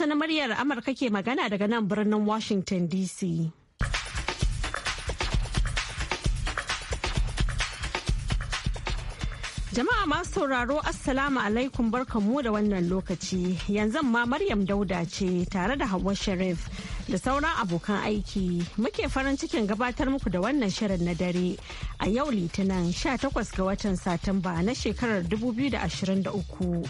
Hausa na muryar Amurka ke magana daga nan birnin Washington DC. Jama'a masu sauraro Assalamu alaikum barkanmu da wannan lokaci. Yanzu ma Maryam Dauda ce tare da Hauwa Sharif da sauran abokan aiki. Muke farin cikin gabatar muku da wannan shirin na dare a yau Litinin 18 ga watan Satumba na shekarar 2023.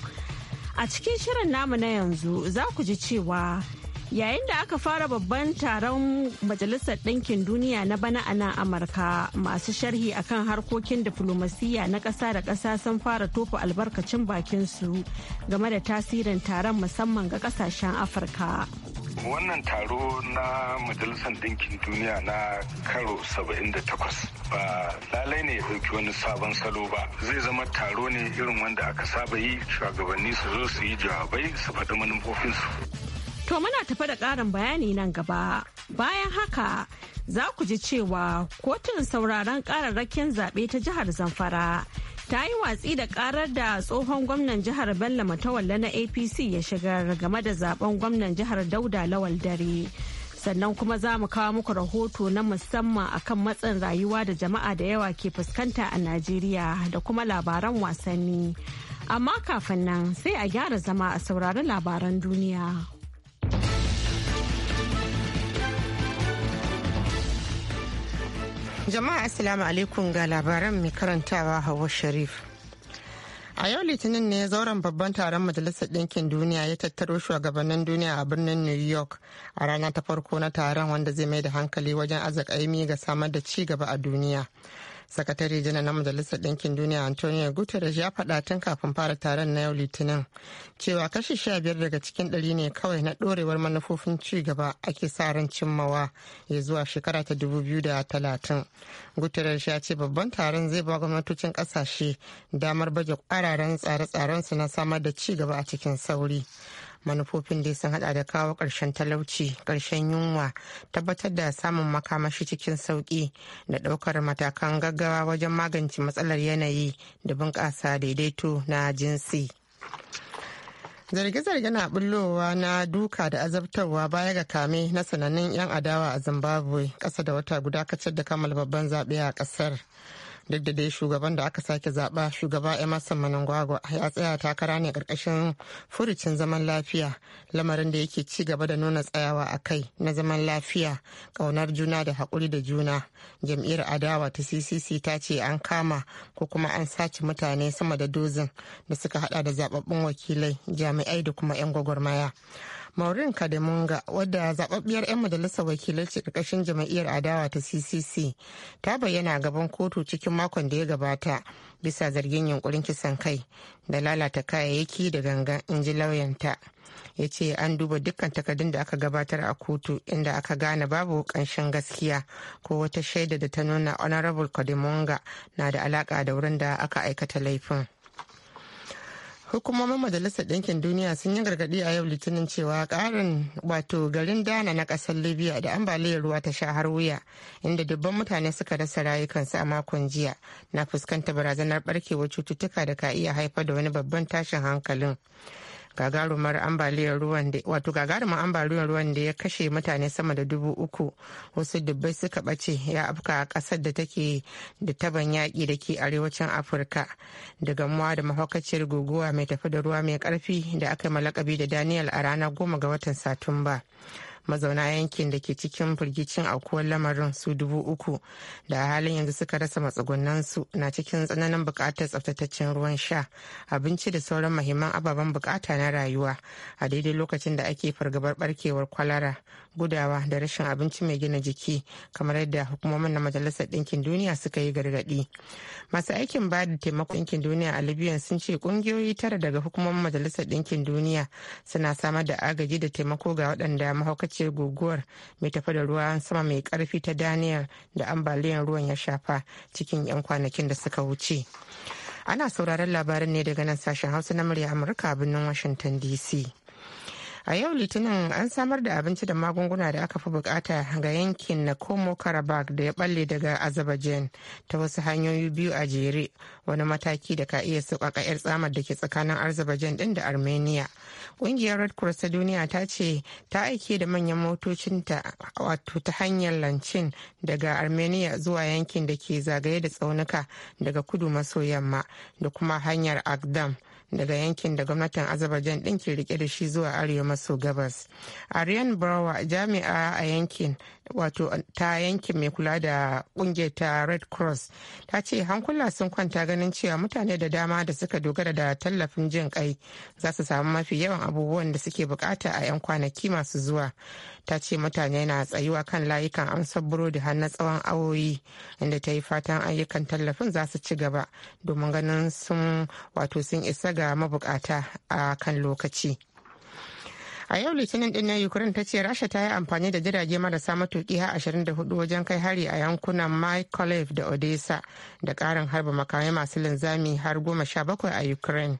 A cikin shirin namu na yanzu za ku ji cewa yayin da aka fara babban taron Majalisar Ɗinkin Duniya na bana a nan Amurka masu sharhi akan harkokin diflomasiyya na ƙasa da ƙasa sun fara tofa albarkacin bakinsu game da tasirin taron musamman ga ƙasashen Afirka. wannan taro na majalisar ɗinkin duniya na karo 78 ba lalai ne ya ɗauki wani sabon salo ba zai zama taro ne irin wanda aka saba yi shugabanni su zo su yi jawabai su faɗi manufofinsu To muna tafa da ƙarin bayani nan gaba. Bayan haka za ku ji cewa kotun sauraron ƙararrakin zaɓe ta jihar Zamfara ta yi watsi da karar da tsohon gwamnan jihar bello matawalla na apc ya shigar game da zaben gwamnan jihar dauda lawal dare sannan kuma za mu kawo muku rahoto na musamman akan matsin rayuwa da jama'a da yawa ke fuskanta a najeriya da kuma labaran wasanni amma kafin nan sai a gyara zama a saurari labaran duniya. Jama'a Assalamu alaikum ga labaran mai karantawa hawa Sharif. A yau Litinin ne zauren babban taron Majalisar Ɗinkin Duniya ya tattaro shugabannin duniya a birnin New York a rana ta farko na taron wanda zai mai da hankali wajen azaƙaimi ga samar da ci gaba a duniya. sakatare janar na majalisar ɗinkin duniya antonio guterres ya faɗa tun kafin fara taron na yau litinin cewa kashi sha biyar daga cikin ɗari ne kawai na ɗorewar manufofin ci gaba ake sa ran cimmawa ya zuwa shekara ta dubu biyu da talatin guterres ya ce babban taron zai ba gwamnatocin ƙasashe damar baje ƙwararren tsare-tsarensu na samar da ci gaba a cikin sauri. manufofin dai sun hada da kawo ƙarshen talauci ƙarshen yunwa tabbatar da samun makamashi cikin sauƙi da ɗaukar matakan gaggawa wajen magance matsalar yanayi da bunƙasa daidaito na jinsi zarge-zarge na bullowa na duka da azabtarwa baya ga kame na sanannun 'yan adawa a zimbabwe ƙasa da wata guda kacar da kammala babban zaɓe a ƙasar duk da dai shugaban da aka sake zaba shugaba emerson manangwagwa ya tsaya takara ne karkashin furucin zaman lafiya lamarin da yake ci gaba da nuna tsayawa a kai na zaman lafiya kaunar juna da haƙuri da juna jam'iyyar adawa ta ccc ta ce an kama ko kuma an sace mutane sama da dozin da suka hada da zababbun wakilai jami'ai da kuma 'yan gwagwarmaya Maureen Kademunga wadda zababbiyar 'yan majalisar wakilai ce ƙarƙashin jam'iyyar adawa ta CCC ta bayyana gaban kotu cikin makon da ya gabata bisa zargin yunkurin kisan kai da lalata kayayyaki da ganga in ji lauyanta. ya ce an duba dukkan takardun da aka gabatar a kotu inda aka gane babu ƙanshin gaskiya ko wata shaida da ta nuna honorable kademonga na da alaka da wurin da aka aikata laifin. hukumomin majalisar ɗinkin duniya sun yi gargaɗi a yau litinin cewa ƙarin wato garin dana na ƙasar libya da ambaliyar ruwa ta sha har wuya inda dubban mutane suka rasa rayukansu a makon jiya na fuskanta barazanar barkewar cututtuka da ka iya haifar da wani babban tashin hankalin gagarumar ambaliyar ruwan da wato gagarumar ambaliyar ruwan da ya kashe mutane sama da dubu uku wasu dubbai suka bace ya afka kasar da take da taban yaƙi da ke arewacin afirka da gamuwa da mahaukaciyar guguwa mai tafi da ruwa mai karfi da aka yi malakabi da daniel a ranar goma ga watan satumba mazauna yankin da ke cikin firgicin a aukuwar lamarin su dubu uku da a halin yanzu suka rasa matsugunansu na cikin tsananin bukatar tsaftataccen ruwan sha abinci da sauran mahimman ababen bukata na rayuwa a daidai lokacin da ake fargabar barkewar kwalara gudawa da rashin abinci mai gina jiki kamar yadda hukumomin na majalisar ɗinkin duniya suka yi gargaɗi masu aikin ba da taimakon ɗinkin duniya a libyan sun ce ƙungiyoyi tara daga hukumomin majalisar ɗinkin duniya suna samar da agaji da taimako ga waɗanda mahaukaciyar guguwar mai tafi da ruwan sama mai ƙarfi ta daniel da ambaliyar ruwan ya shafa cikin 'yan kwanakin da suka wuce ana sauraron labarin ne daga nan sashen hausa na murya amurka a birnin washington dc a yau litinin an samar da abinci da magunguna da aka fi bukata ga yankin na komo karabakh da ya balle daga azerbaijan ta wasu hanyoyi biyu a jere wani mataki da ka iya sauƙaƙa 'yar tsamar da ke tsakanin azerbaijan din da armenia ƙungiyar red cross ta duniya ta ce ta aike da manyan motocinta wato ta hanyar lancin daga armenia zuwa yankin da ke zagaye da tsaunuka daga kudu maso yamma da kuma hanyar agdam daga yankin da gwamnatin azerbaijan ɗin ke rike da shi zuwa arewa maso gabas aryan brower jami'a a yankin wato ta yankin mai kula da kungiyar ta red cross ta ce hankula sun kwanta ganin cewa mutane da dama da suka dogara da tallafin jin kai za su samu mafi yawan abubuwan da suke bukata a 'yan kwanaki masu zuwa ta ce mutane na tsayuwa kan layukan amsar burodi har na tsawon awoyi inda ta yi fatan ayyukan tallafin za su ci gaba domin ganin sun wato sun isa ga mabukata a kan lokaci a yau litinin din na ukraine ta ce rasha ta yi amfani da jirage marasa matuki har 24 wajen kai hari a yankunan mykolaiv da odessa da karin harba makamai masu linzami har 17 a ukraine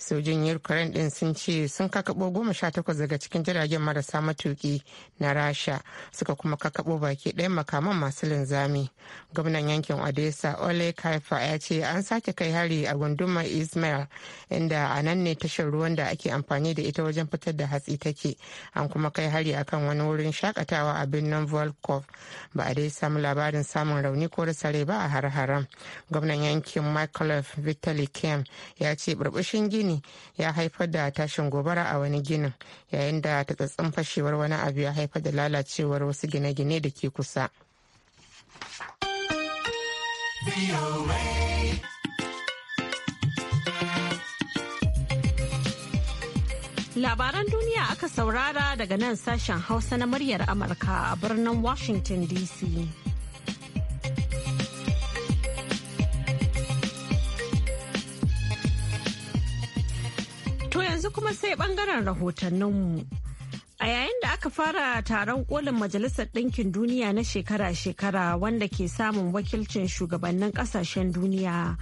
sojin ukraine din sun ce sun kakabo goma sha takwas daga cikin jiragen marasa matuki na rasha suka kuma kakabo baki ɗaya makaman masu linzami gwamnan yankin odessa ole kaifa ya ce an sake kai hari a gundumar ismail inda a nan ne tashar ruwan da ake amfani da ita wajen fitar da hatsi take an kuma kai hari akan wani wurin shakatawa a birnin volkov ba a dai samu labarin samun rauni ko rasare ba a har-haren gwamnan yankin michael vitali kem ya ce burbushin gini gini ya haifar da tashin gobara a wani ginin yayin da tatsatsin fashewar wani abu ya haifar da lalacewar wasu gine-gine da ke kusa. Labaran duniya aka saurara daga nan sashen Hausa na muryar Amurka a birnin Washington DC. yanzu kuma sai bangaren rahotanninmu. A yayin da aka fara taron kolin Majalisar Ɗinkin Duniya na shekara-shekara wanda ke samun wakilcin shugabannin ƙasashen duniya.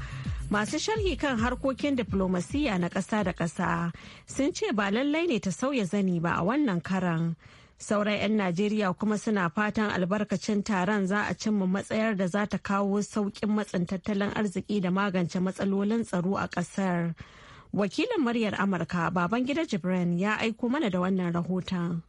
Masu sharhi kan harkokin diflomasiyya na ƙasa da ƙasa sun ce ba lallai ne ta sauya zani ba a wannan karan. Sauran 'yan Najeriya kuma suna fatan albarkacin taron za a cimma matsayar da za ta kawo sauƙin matsin tattalin arziki da magance matsalolin tsaro a ƙasar. Wakilin muryar Amurka baban gida jibrin ya aiko mana da wannan rahoton.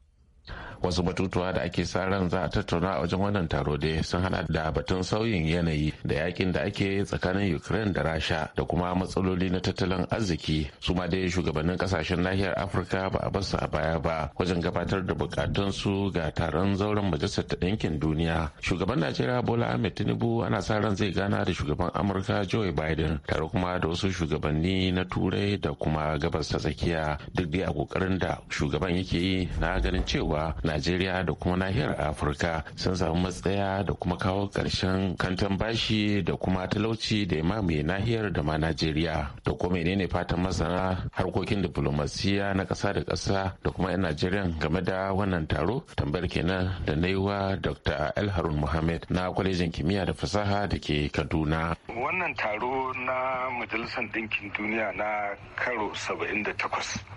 wasu batutuwa da ake sa ran za a tattauna a wajen wannan taro dai sun hana da batun sauyin yanayi da yakin da ake tsakanin ukraine da rasha da kuma matsaloli na tattalin arziki su ma dai shugabannin kasashen nahiyar afirka ba a basu a baya ba wajen gabatar da bukatunsu ga taron zauren majalisar ta ɗinkin duniya shugaban najeriya bola ahmed tinubu ana sa ran zai gana da shugaban amurka joe biden tare kuma da wasu shugabanni na turai da kuma gabas ta tsakiya duk dai a kokarin da shugaban yake yi na ganin cewa najeriya da kuma nahiyar afirka sun samu matsaya da kuma kawo karshen kantan bashi da kuma talauci da ya mamaye nahiyar da ma najeriya da kuma menene fatan masana harkokin diplomasiya na ƙasa da ƙasa da kuma 'yan najeriya game da wannan taro tambayar kenan da na yi wa dr el harun muhammad na kwalejin kimiyya da fasaha da ke kaduna wannan taro na majalisar Dinkin duniya na karo 78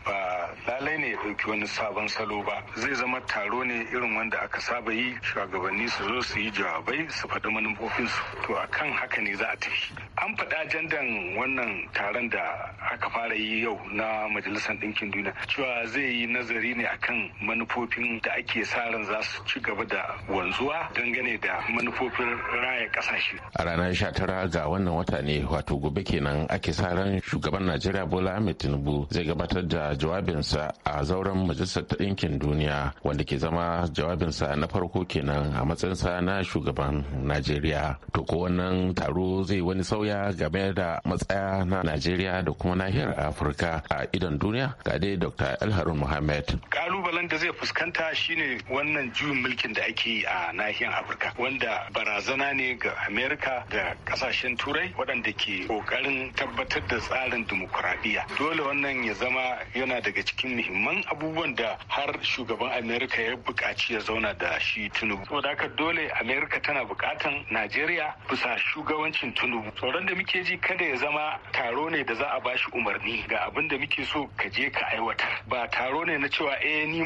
ba lalai ne ya ɗauki wani sabon salo ba zai zama taro taro ne irin wanda aka saba yi shugabanni su zo su yi jawabai su faɗi manufofinsu to a kan haka ne za a tafi an faɗa jandan wannan taron da aka fara yi yau na majalisar ɗinkin duniya cewa zai yi nazari ne akan manufofin da ake sa ran za su ci gaba da wanzuwa dangane da manufofin raya kasashe. a ranar tara ga wannan wata ne wato gobe kenan ake sa ran shugaban najeriya bola ahmed tinubu zai gabatar da jawabinsa a zauren majalisar ɗinkin duniya wanda ke zama jawabinsa na farko kenan a matsayin sa na shugaban najeriya to ko wannan taro zai wani sauya game da matsaya na najeriya da kuma nahiyar afirka a idon duniya ga dai dr alharun muhammad kalubalen da zai fuskanta shine wannan juyin mulkin da ake a nahiyar afirka wanda barazana ne ga amerika da kasashen turai waɗanda ke ƙoƙarin tabbatar da tsarin dimokuraɗiyya dole wannan ya zama yana daga cikin muhimman abubuwan da har shugaban amerika amurka ya bukaci ya zauna da shi tunubu. saboda haka dole amerika tana bukatan najeriya bisa shugabancin tunubu. tsoron da muke ji kada ya zama taro ne da za a bashi umarni ga abin da muke so ka je ka aiwata. ba taro ne na cewa eh ni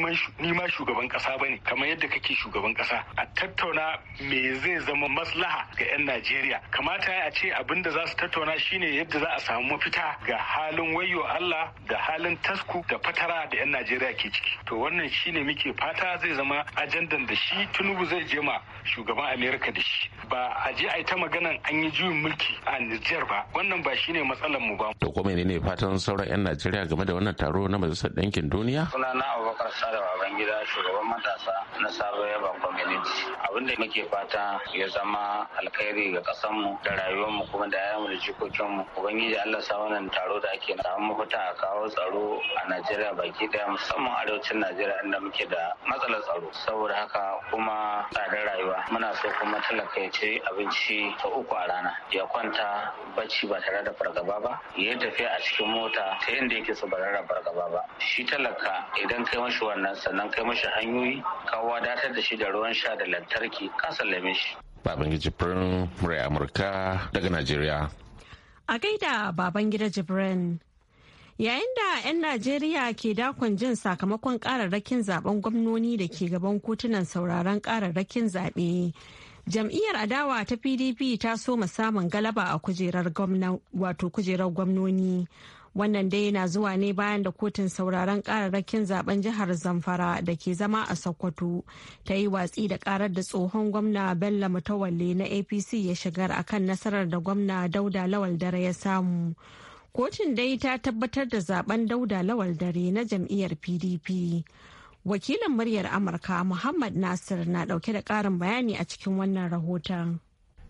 ma shugaban kasa ba ne kamar yadda kake shugaban kasa a tattauna me zai zama maslaha ga 'yan najeriya kamata a ce abin da za su tattauna shine yadda za a samu mafita ga halin wayo allah da halin tasku da fatara da 'yan najeriya ke ciki to wannan shine muke fata ƙasa zai zama ajandan da shi Tunubu zai je ma shugaban Amerika da shi. Ba a je a yi ta maganan an yi juyin mulki a Nijar ba. Wannan ba shine matsalar mu ba. To kuma ne fatan sauran 'yan Najeriya game da wannan taro na Majalisar Ɗinkin Duniya? Sunana Abubakar Sada Babangida shugaban matasa na sabon Yaba Community. Abin muke fata ya zama alkhairi ga mu da rayuwar mu kuma da 'ya'yanmu da mu Ubangiji Allah sa wannan taro da ake samu mafita a kawo tsaro a Najeriya baki daya musamman arewacin Najeriya inda muke da matsalar tsaro saboda haka kuma tsadar rayuwa muna so kuma talaka ya ci abinci ta uku a rana ya kwanta bacci ba tare da fargaba ba ya tafiya a cikin mota ta inda yake so ba tare da fargaba ba shi talaka idan kai mashi wannan sannan kai mashi hanyoyi ka wadatar da shi da ruwan sha da lantarki ka sallame shi Babangiji Firin Murai Amurka daga Najeriya. A gaida Babangida Jibrin. Yayin da 'yan Najeriya ke dakon jin sakamakon kararrakin zaben gwamnoni da ke gaban kotunan sauraron kararrakin zaɓe. Jam'iyyar adawa ta PDP ta so samun galaba a kujerar wato kujerar gwamnoni. Wannan dai na zuwa ne bayan da kotun sauraron kararrakin zaben jihar Zamfara da ke zama a Sokoto ta yi watsi da karar da tsohon gwamna Bello Mutawalle na APC ya shigar akan nasarar da gwamna Dauda Lawal Dare ya samu. Kotun dai ta tabbatar da zaben dauda lawal dare na jam'iyyar PDP. Wakilin muryar Amurka Muhammad Nasir na dauke da karin bayani a cikin wannan rahoton.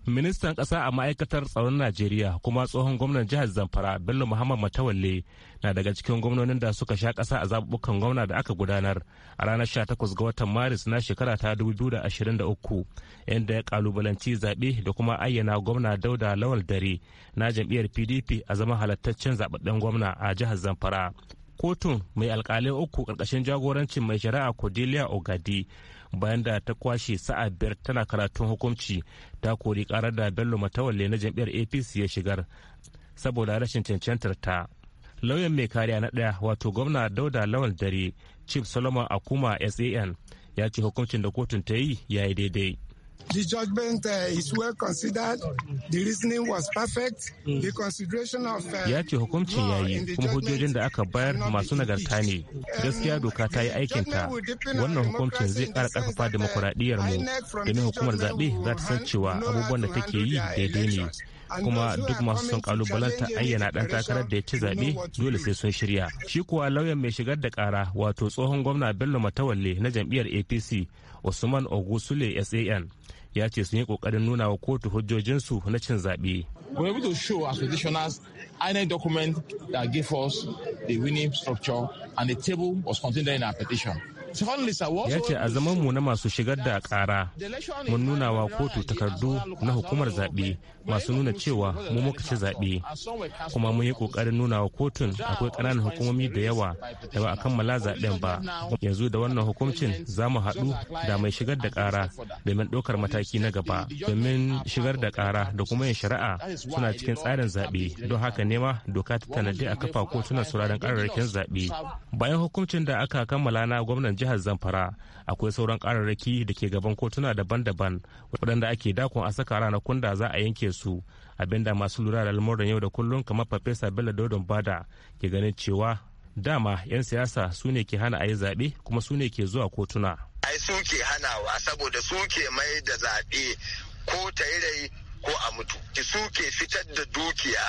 ministan ƙasa a ma'aikatar tsaron najeriya kuma tsohon gwamnan jihar zamfara bello muhammad matawalle na daga cikin gwamnonin da suka sha ƙasa a zaɓuɓɓukan gwamna da aka gudanar a ranar sha takwas ga watan maris na shekara ta 2023 inda ya kalubalanci zaɓe da kuma ayyana gwamna dauda lawal dare na jam'iyyar pdp a zama halattaccen zaɓaɓɓen gwamna a jihar zamfara kotun mai alkalai uku karkashin jagorancin mai shari'a cordelia ogadi bayan da ta kwashe sa'a biyar tana karatun hukunci ta kori karar da bello matawalle na jam'iyyar apc ya shigar saboda rashin cancantar ta lauyan mai kariya na ɗaya wato gwamna dauda lawal dare chief solomon akuma san ya ce hukuncin da kotun ta yi ya yi daidai the judgment uh, is well considered, the reasoning was perfect, mm. the consideration of. Uh, ya ce hukumcin ya yi kuma hujjojin da aka bayar masu nagarta ne, gaskiya doka ta yi aikinta. Wannan hukumcin zai ƙara ƙarfafa uh, demokuraɗiyyar mu, domin hukumar zaɓe za ta san cewa abubuwan da take yi daidai ne. kuma duk masu son kalubalanta ayyana dan takarar da ya ci zaɓe dole sai sun shirya shi kuwa lauyan mai shigar da kara wato tsohon gwamna bello matawalle na jam'iyyar apc usman ogusule san ya ce sun yi kokarin nuna wa kotu hujjojinsu na cin zaɓe. We able to show as petitioners any document that give us the winning structure and the table was contained in our petition. ya ce a zaman mu na masu shigar da kara mun nuna wa kotu takardu na hukumar zaɓe masu nuna cewa mu muka ci zaɓe kuma mun yi ƙoƙarin nuna wa kotun akwai ƙananan hukumomi da yawa da ba a kammala zaɓen ba yanzu da wannan hukuncin za mu haɗu da mai shigar da kara domin ɗaukar mataki na gaba domin shigar da kara da kuma yin shari'a suna cikin tsarin zaɓe don haka nema doka ta tanadi a kafa kotunan sauraron kararrakin zaɓe bayan hukuncin da aka kammala na gwamnan jihar zamfara akwai sauran kararraki da ke gaban kotuna daban-daban waɗanda ake dakon a saka ranakun kunda za a yanke su abinda masu lura da lamuran yau da kullum kamar farfesa bello dodon bada ke ganin cewa dama 'yan siyasa su ne ke hana a yi zaɓe kuma su ne ke zuwa kotuna ai su ke hanawa saboda su ke mai da zaɓe ko ta rai ko a mutu su ke fitar da dukiya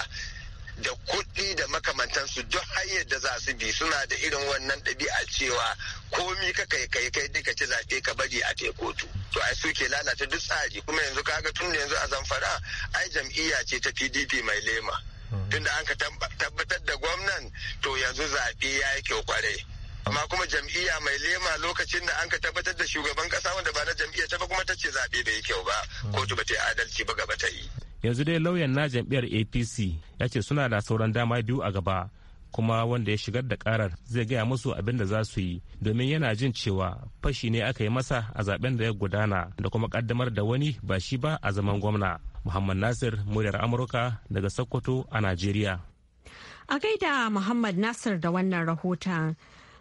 da kuɗi da makamantansu duk hanyar da za su bi suna da irin wannan ɗabi'a cewa komi ka kai kai kai duka ci zaɓe ka bari a te kotu to ai su ke lalata duk tsari kuma yanzu kaga tun da yanzu a zamfara ai jam'iyya ce ta pdp mai lema hmm. tunda an ka tabbatar da gwamnan to yanzu zaɓe ya yi kyau kwarai amma kuma jam'iyya mai lema lokacin da an ka tabbatar da shugaban kasa wanda ba na jam'iyya ta ba kuma ta ce zaɓe bai yi kyau ba hmm. kotu ba ta yi adalci ba gaba ta yi yanzu dai lauyan na jam'iyyar apc ya ce suna da sauran dama biyu a gaba kuma wanda ya shigar da karar zai gaya musu abin da za su yi domin yana jin cewa fashi ne aka yi masa a zaben da ya gudana da kuma kaddamar da wani ba shi ba a zaman gwamna muhammad nasir muryar amurka daga sokoto a najeriya a gaida muhammad nasir da wannan rahoton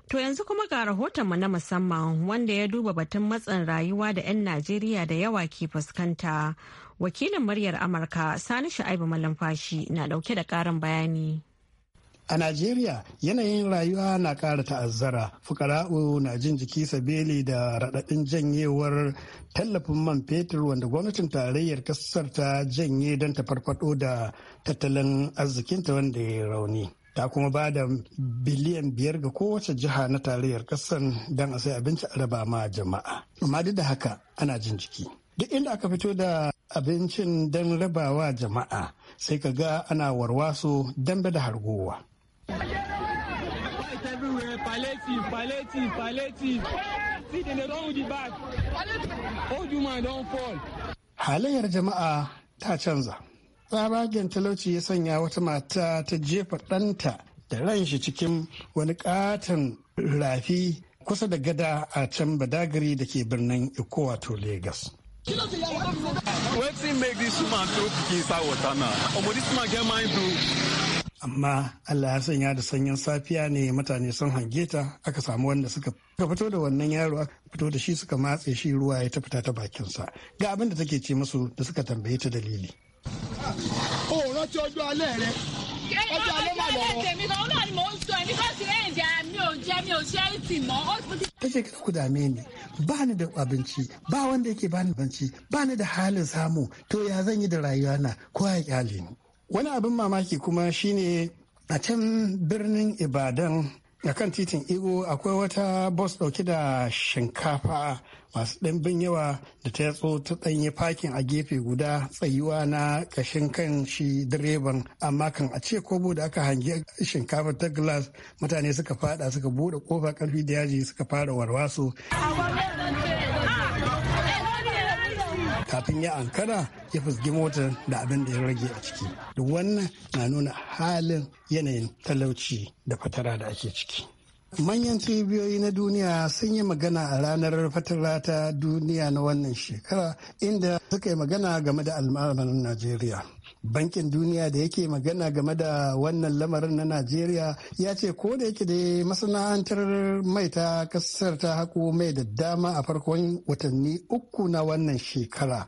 To yanzu kuma ga rahotonmu na musamman wanda ya duba batun matsin rayuwa da 'yan Najeriya da yawa ke fuskanta. Wakilin muryar Amurka Sani Sha'ibu Malamfashi na dauke da karin bayani. A Najeriya yanayin rayuwa na ƙara ta'azzara, fukara'u na jin jiki sabeli da raɗaɗin janyewar tallafin man fetur wanda gwamnatin tarayyar ƙasar ta janye don ta farfado da tattalin arzikinta wanda ya rauni. ta kuma ba da biliyan biyar ga kowace jiha na tarayyar ƙasan don a sai abinci a raba ma jama'a amma duk da haka ana jin jiki duk inda aka fito da abincin don rabawa jama'a sai ka ga ana warwaso dambe da hargowa Halayyar jama'a ta canza. tsabagen talauci ya sanya wata mata ta jefa ɗanta da ran shi cikin wani katon rafi kusa da gada a can badagari da ke birnin iko wato lagos amma allah ya sanya da sanyin safiya ne mutane sun hange ta aka samu wanda suka fito da wannan yaro aka fito da shi suka matse shi ruwa ya ta fita ta bakinsa ga abin da take ce musu da suka tambaye ta dalili o rántí ọjọ́ alẹ́ rẹ ọjọ́ alẹ́ lọ́wọ́. náà ni mò ń sọ mi ò jẹ́ mi ta ce ku dame ni ba ni da abinci ba wanda yake ba ni abinci ba ni da halin samu to ya zan yi da rayuwa na ko ya kyale ni. wani abin mamaki kuma shine a can birnin ibadan a kan titin igo akwai wata bus dauke da shinkafa masu ɗimbin yawa da ta yatso ta tsanye fakin a gefe guda tsayuwa na ƙashin kan shi direban amma kan a ce kobo da aka hangi shinkafa ta glass mutane suka fada suka buɗe kofa karfi da yaji suka fara warwaso kafin ya ankara ya fusgi motar da abin da ya rage a ciki duk wannan na nuna halin yanayin talauci da fatara da ake ciki Manyan cibiyoyi na duniya sun yi magana a ranar fatara ta duniya na wannan shekara inda suka yi magana game da al'amarin Najeriya. Bankin duniya da yake magana game da wannan lamarin na Najeriya ya ce ko da yake da masana'antar mai ta kasar ta haƙo mai da dama a farkon watanni uku na wannan shekara.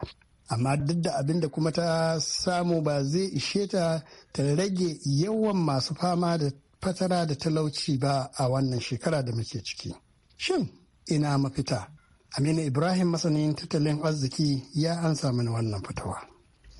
amma duk da abin da kuma ta samu ba zai ishe ta ta rage yawan masu fama da fatara da talauci ba a wannan shekara da muke ciki. Shin ina mafita? Aminu Ibrahim masanin tattalin arziki ya ansa mini wannan fitawa.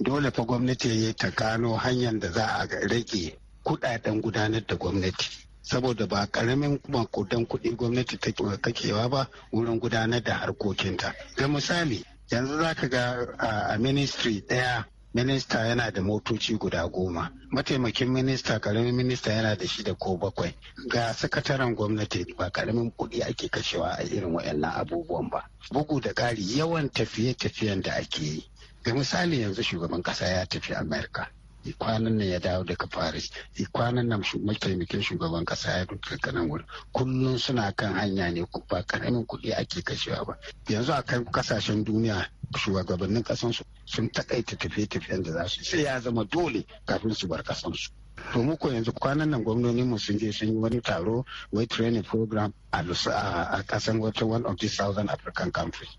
Dole fa gwamnati ya ta gano hanyar da za a rage kudaden gudanar da gwamnati. Saboda ba karamin makudan kuɗi gwamnati takewa ba wurin gudanar da harkokinta. Ga misali, yanzu za ka ga ah, a ministry ɗaya minista yana da motoci guda goma mataimakin minista karamin minista yana da shi da ko bakwai ga sakataren gwamnati ba karamin kuɗi ake kashewa a irin waɗannan abubuwan ba bugu da ƙari yawan tafiye-tafiyen da ake yi ga misali yanzu shugaban ƙasa ya tafi amerika kwanan nan ya dawo daga paris kwanan nan mataimakin shugaban kasa ya duka daga kullum suna kan hanya ne ba karamin kuɗi ake kashewa ba yanzu a kan kasashen duniya shugabannin kasansu sun takaita tafiye-tafiyen da za su sai ya zama dole kafin su bar kasansu to muku yanzu kwanan nan gwamnonin mu sun je sun yi wani taro wai training program a kasan wata one of the southern african countries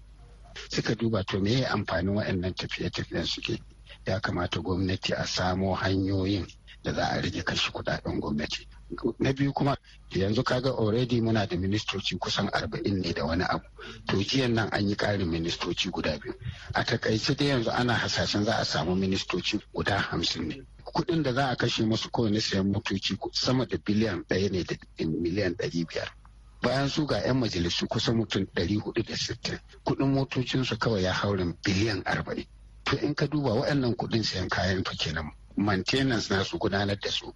suka duba to me amfanin waɗannan tafiye-tafiyen suke ya kamata gwamnati a samo hanyoyin da za a rage kashe kudaden gwamnati na biyu kuma yanzu kaga already muna da ministoci kusan arba'in ne da wani abu to jiyan nan an yi ƙarin ministoci guda biyu a takaice dai yanzu ana hasashen za a samu ministoci guda hamsin ne kuɗin da za a kashe musu kowane sayan motoci sama da biliyan ɗaya ne da miliyan ɗari biyar bayan su ga 'yan majalisu kusan mutum 460 kudin motocinsu kawai ya hauri biliyan 40 to in ka duba waɗannan kudin sayan kayan fa kenan maintenance na su gudanar da su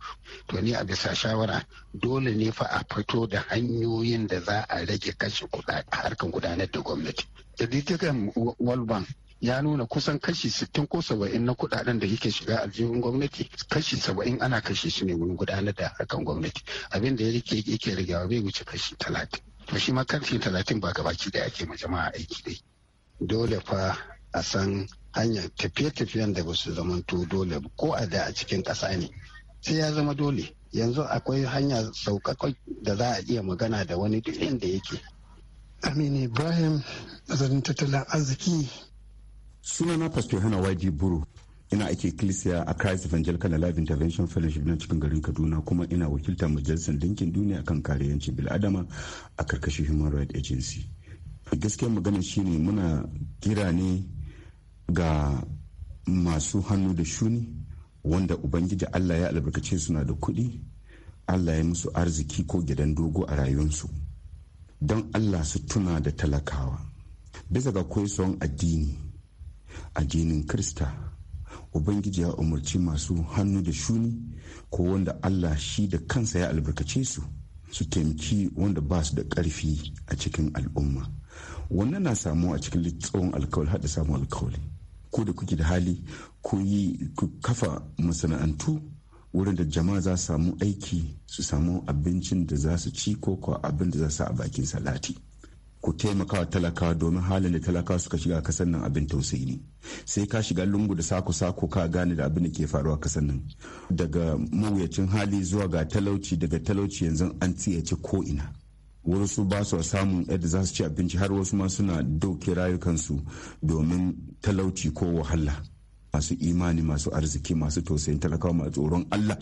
to ni a bisa shawara dole ne fa a fito da hanyoyin da za a rage kashe a harkar gudanar da gwamnati da world bank ya nuna kusan kashi sittin ko saba'in na kuɗaɗen da yake shiga aljihun gwamnati kashi saba'in ana kashe shi ne wurin gudanar da harkan gwamnati abin da yake yake rigawa bai wuce kashi talatin to shi ma kashi talatin ba gabaki da ake ma jama'a aiki dai dole fa a san hanyar tafiye-tafiyen da basu su zamanto dole ko a da a cikin ƙasa ne sai ya zama dole yanzu akwai hanya sauƙaƙa da za a iya magana da wani duk inda yake Aminu Ibrahim nazarin tattalin arziki sunana pastor hana waji buru ina ake ecclesia a christ evangelical life intervention fellowship na cikin garin kaduna kuma ina wakiltar majalisar dinkin duniya akan kare bil'adama a karkashin human rights agency gaskiya magana shine muna kira ne ga masu hannu da shuni wanda ubangiji allah ya albarkace suna da kuɗi allah ya musu arziki ko gidan dogo a rayuwarsu don allah su tuna da talakawa bisa ga addini addinin krista ubangiji ya umarci masu hannu da shuni ko wanda allah shi da kansa ya albarkace su su taimaki wanda ba su da ƙarfi a cikin al'umma wannan na samu a cikin tsawon alkawali hada samun alkawali ko da kuke da hali ko yi ku kafa masana'antu wurin da jama'a za su samu aiki su samu abincin da za su ci ko kuwa abin da za su a bakin salati ku taimaka wa talaka domin halin da talaka suka shiga kasar nan abin tausayi ne sai ka shiga lungu da sako sako ka gane da abin da ke faruwa kasar nan daga mawuyacin hali zuwa ga talauci daga talauci yanzu an tsiyace ko ina wasu ba su samun yadda za su ci abinci har wasu ma suna dauke rayukansu domin talauci ko wahala masu imani masu arziki masu tausayin talakawa masu tsoron allah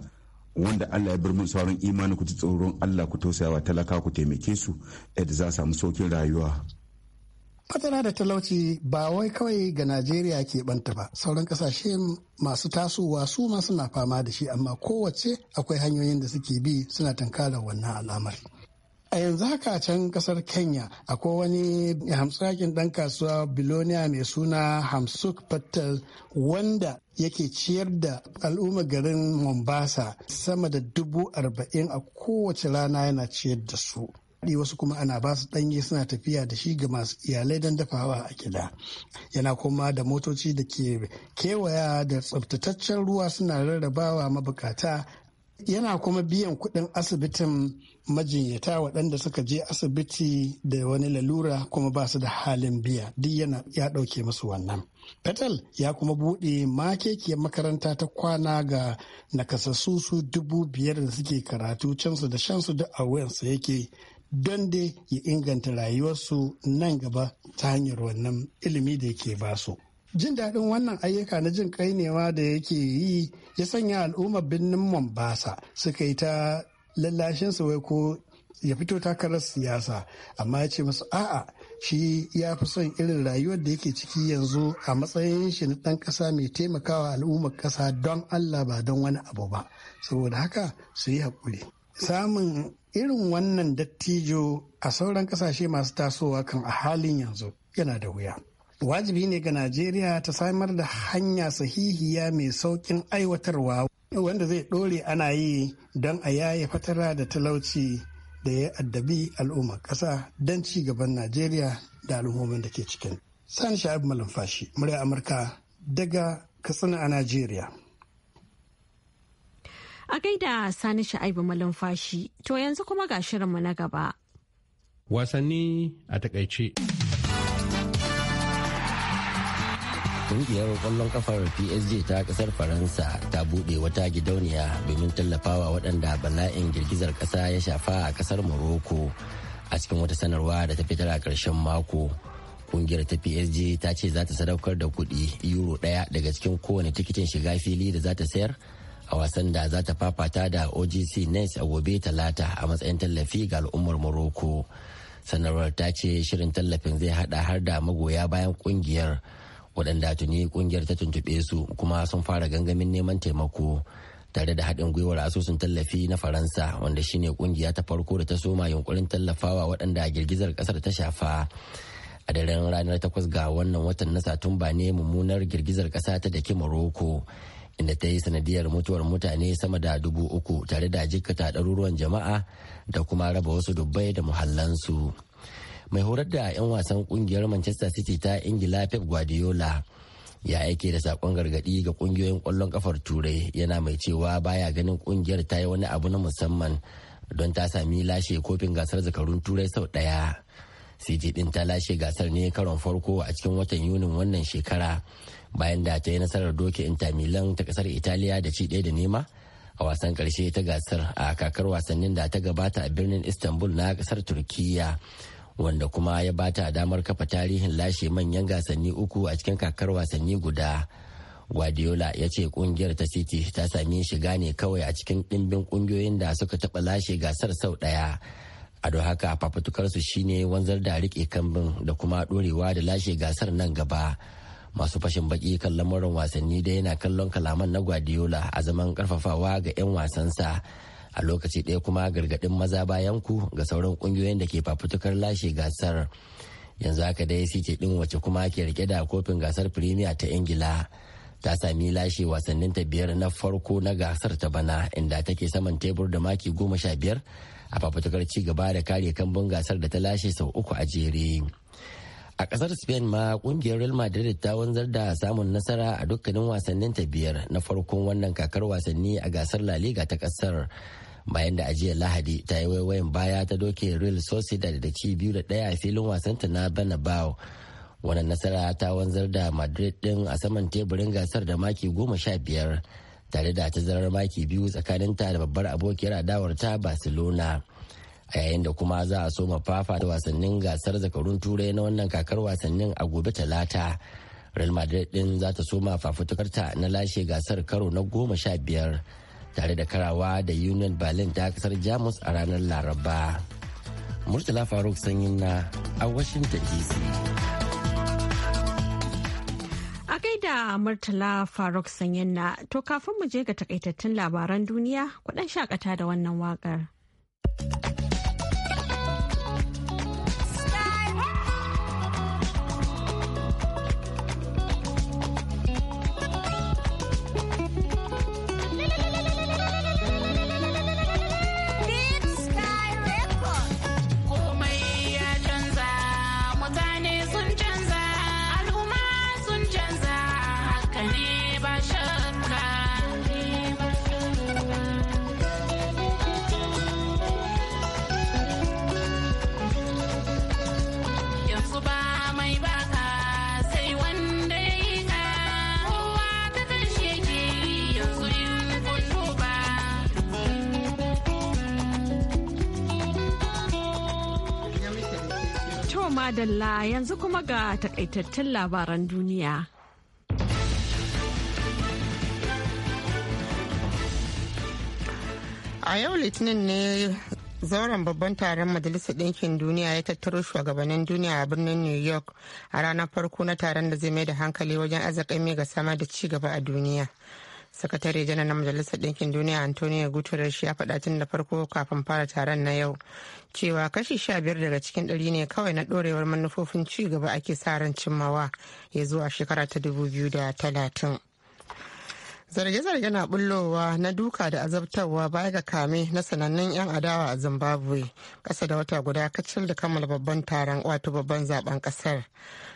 wanda Allah ya bar mun sauran imani ku ji tsoron Allah ku tausayawa talaka ku taimake su yadda za samu saukin rayuwa. Matsala da talauci ba wai kawai ga Najeriya ke banta ba sauran kasashe masu tasowa su ma suna fama da shi amma kowace akwai hanyoyin da suke bi suna tankarar wannan al'amari. a yanzu haka can kasar kenya akwai wani hamsakin ɗan kasuwa bilonia mai suna hamsuk patel wanda yake ciyar da al'ummar garin mombasa sama da dubu arba'in a kowace rana yana ciyar da su daɗi wasu kuma ana ba su ɗanye suna tafiya da shi ga masu iyalai don dafawa a gida yana kuma da motoci da ke kewaya da tsabtataccen ruwa suna rarrabawa mabukata yana kuma biyan kuɗin asibitin majinyata waɗanda suka je asibiti da wani lalura kuma ba su da halin biya duk yana ya ɗauke musu wannan. Petel ya kuma buɗe makekiyar makaranta ta kwana ga nakasassu su dubu biyar da suke karatu cansu da shansu da a wayansu yake don dai ya inganta rayuwarsu nan gaba ta hanyar wannan ilimi da yake su. Jin daɗin wannan ayyuka na jin kai da yake yi ya sanya al'ummar birnin Mombasa suka yi ta lallashin su wai ko ya fito takarar siyasa amma ya ce masu a'a shi ya fi son irin rayuwar da yake ciki yanzu a matsayin shi na ɗan ƙasa mai taimakawa al'ummar ƙasa don Allah ba don wani abu ba saboda haka su yi haƙuri samun irin wannan dattijo a sauran ƙasashe masu tasowa kan a halin yanzu yana da wuya wajibi ne ga najeriya ta samar da hanya sahihiya mai sauƙin aiwatarwa wanda zai ɗore ana yi don a yaye fatara da talauci da ya addabi al'ummar ƙasa don ci gaban najeriya da al'ummomin da ke cikin sani sha'ib malamfashi murya amurka daga katsina a najeriya a gaida sani sha'ibu malamfashi to yanzu kuma ga shirinmu na gaba wasanni a takaice Kungiyar kwallon kafar PSG ta kasar Faransa ta buɗe wata gidauniya domin tallafawa waɗanda bala'in girgizar ƙasa ya shafa a ƙasar Morocco a cikin wata sanarwa da ta fitar a ƙarshen mako. Kungiyar ta PSG ta ce za ta sadaukar da kuɗi euro ɗaya daga cikin kowane tikitin shiga fili da za ta sayar a wasan da za ta fafata da OGC Nice a gobe talata a matsayin tallafi ga al'ummar Morocco. Sanarwar ta ce shirin tallafin zai hada har da magoya bayan kungiyar. waɗanda tuni kungiyar ta tuntuɓe su kuma sun fara gangamin neman taimako tare da haɗin gwiwar asusun tallafi na faransa wanda shine kungiya ta farko da ta soma yunkurin tallafawa waɗanda girgizar ƙasar ta shafa a daren ranar takwas ga wannan watan na satumba ne mummunar girgizar ƙasa ta daki morocco inda ta yi sanadiyar mutuwar mutane sama da dubu uku tare da jikkata ɗaruruwan jama'a da kuma raba wasu dubbai da muhallansu. mai horar da 'yan wasan kungiyar manchester city ta ingila pep guardiola ya aike da sakon gargadi ga kungiyoyin kwallon kafar turai yana mai cewa baya ganin kungiyar ta yi wani abu na musamman don ta sami lashe kofin gasar zakarun turai sau daya city din ta lashe gasar ne karon farko a cikin watan yunin wannan shekara bayan da ta yi nasarar doke inter milan ta kasar italiya da ci ɗaya da nema a wasan karshe ta gasar a kakar wasannin da ta gabata a birnin istanbul na kasar turkiyya wanda kuma ya bata damar kafa tarihin lashe manyan gasanni uku a cikin kakar wasanni guda guardiola ya ce kungiyar ta city ta sami shiga ne kawai a cikin ɗimbin kungiyoyin da suka taɓa lashe gasar sau ɗaya a don haka fafutukarsu shine wanzar da rike kambin da kuma ɗorewa da lashe gasar nan gaba masu fashin baki kan lamarin wasanni da yana kallon kalaman na guardiola a zaman karfafawa ga 'yan wasansa a lokaci ɗaya kuma gargaɗin maza bayan ku ga sauran ƙungiyoyin da ke fafutukar lashe gasar yanzu haka dai ke ɗin wacce kuma ke rike da kofin gasar premier ta ingila ta sami lashe wasannin ta biyar na farko na gasar ta bana inda take saman tebur da maki goma sha biyar a fafutukar ci gaba da kare kambun gasar da ta lashe sau uku a jere. A ƙasar Spain ma ƙungiyar Real Madrid ta wanzar da samun nasara a dukkanin wasannin ta biyar na farkon wannan kakar wasanni a gasar La Liga ta ƙasar, Bayan da ajiyar Lahadi ta yi waiwayin baya ta doke Real Sociedad da ci biyu da ɗaya filin wasanta na Bernabeu. Wannan nasara ta wanzar da Madrid ɗin a saman teburin gasar da maki goma sha biyar tare da tazarar maki biyu tsakaninta da babbar abokiyar adawar ta Barcelona. a yayin da kuma za a soma fafa da wasannin gasar zakarun turai na wannan kakar wasannin a gobe talata real madrid din za ta soma fafutukarta na lashe gasar karo na goma sha biyar tare da karawa da union berlin ta kasar jamus a ranar laraba murtala faruk sanyin na a washington dc a gaida murtala faruk sanyin to kafin mu je ga takaitattun labaran duniya kudan shakata da wannan wakar. madalla yanzu kuma ga takaitattun labaran duniya. A yau Litinin ne zauren babban taron majalisar ɗinkin duniya ya tattaro shugabannin duniya a birnin new york a ranar farko na taron da zai mai da hankali wajen azakami ga sama da ci gaba a duniya sakatare janar na majalisar ɗinkin duniya antonio guterres ya faɗa tun da farko kafin fara taron na yau cewa kashi sha biyar daga cikin ɗari ne kawai na ɗorewar manufofin ci gaba ake sa ran cimmawa ya zuwa shekara ta dubu biyu da talatin zarge-zarge na bullowa na duka da azabtarwa baya ga kame na sanannun 'yan adawa a zimbabwe ƙasa da wata guda kacal da kammala babban taron wato babban zaben ƙasar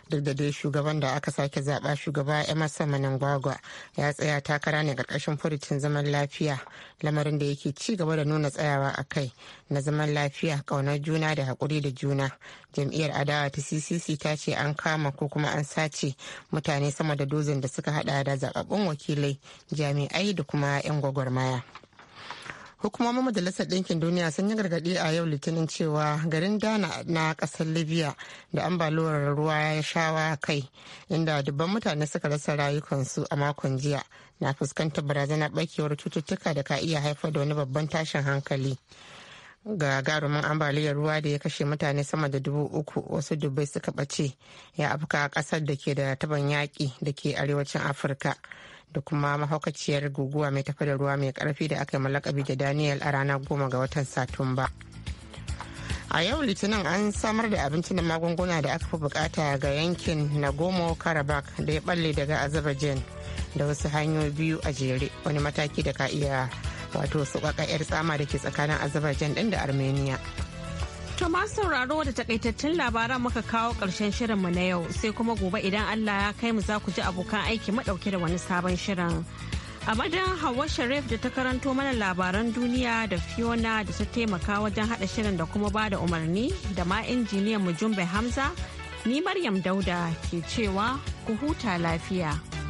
duk da dai shugaban da aka sake zaɓa shugaba emerson gwagwa ya tsaya takara ne ƙarƙashin furucin zaman lafiya lamarin da yake ci gaba da nuna tsayawa a kai na zaman lafiya ƙaunar juna da haƙuri da juna jam'iyyar adawa ta ccc ta ce an kama ko kuma an sace mutane sama da dozin da suka hada da zababbun wakilai jami'ai da kuma 'yan gwagwarmaya hukumomin majalisar ɗinkin duniya sun yi gargaɗi a yau litinin cewa garin dana na ƙasar libya da ambaluwar ruwa ya shawa kai inda dubban mutane suka rasa rayukansu a makon jiya na fuskantar barazanar ɓarkewar cututtuka da ka iya haifar da wani babban tashin hankali ga garumin ambaliyar ruwa da ya kashe mutane sama da dubu uku wasu dubbai suka ɓace ya afka ƙasar da ke da taban yaƙi da ke arewacin afirka da kuma mahaukaciyar guguwa mai tafi da ruwa mai ƙarfi da aka yi malakabi da daniel a ranar goma ga watan satumba a yau litinin an samar da abincin da magunguna da aka fi bukata ga yankin nagomo karabak da ya balle daga azerbaijan da wasu hanyoyi biyu a jere wani mataki da ka iya wato sauƙaƙa 'yar tsama da ke tsakanin azerbaijan din da armenia To ma sauraro da takaitattun labaran muka kawo ƙarshen shirinmu na yau sai kuma gobe idan Allah ya kai mu za ku ji abokan aiki madauke da wani sabon shirin. A madan hawa Sharif da ta karanto mana labaran duniya da Fiona da ta taimaka wajen haɗa shirin da kuma bada umarni da ma injiniyan mu Jumbe Hamza, ni Maryam Dauda ke cewa ku huta lafiya.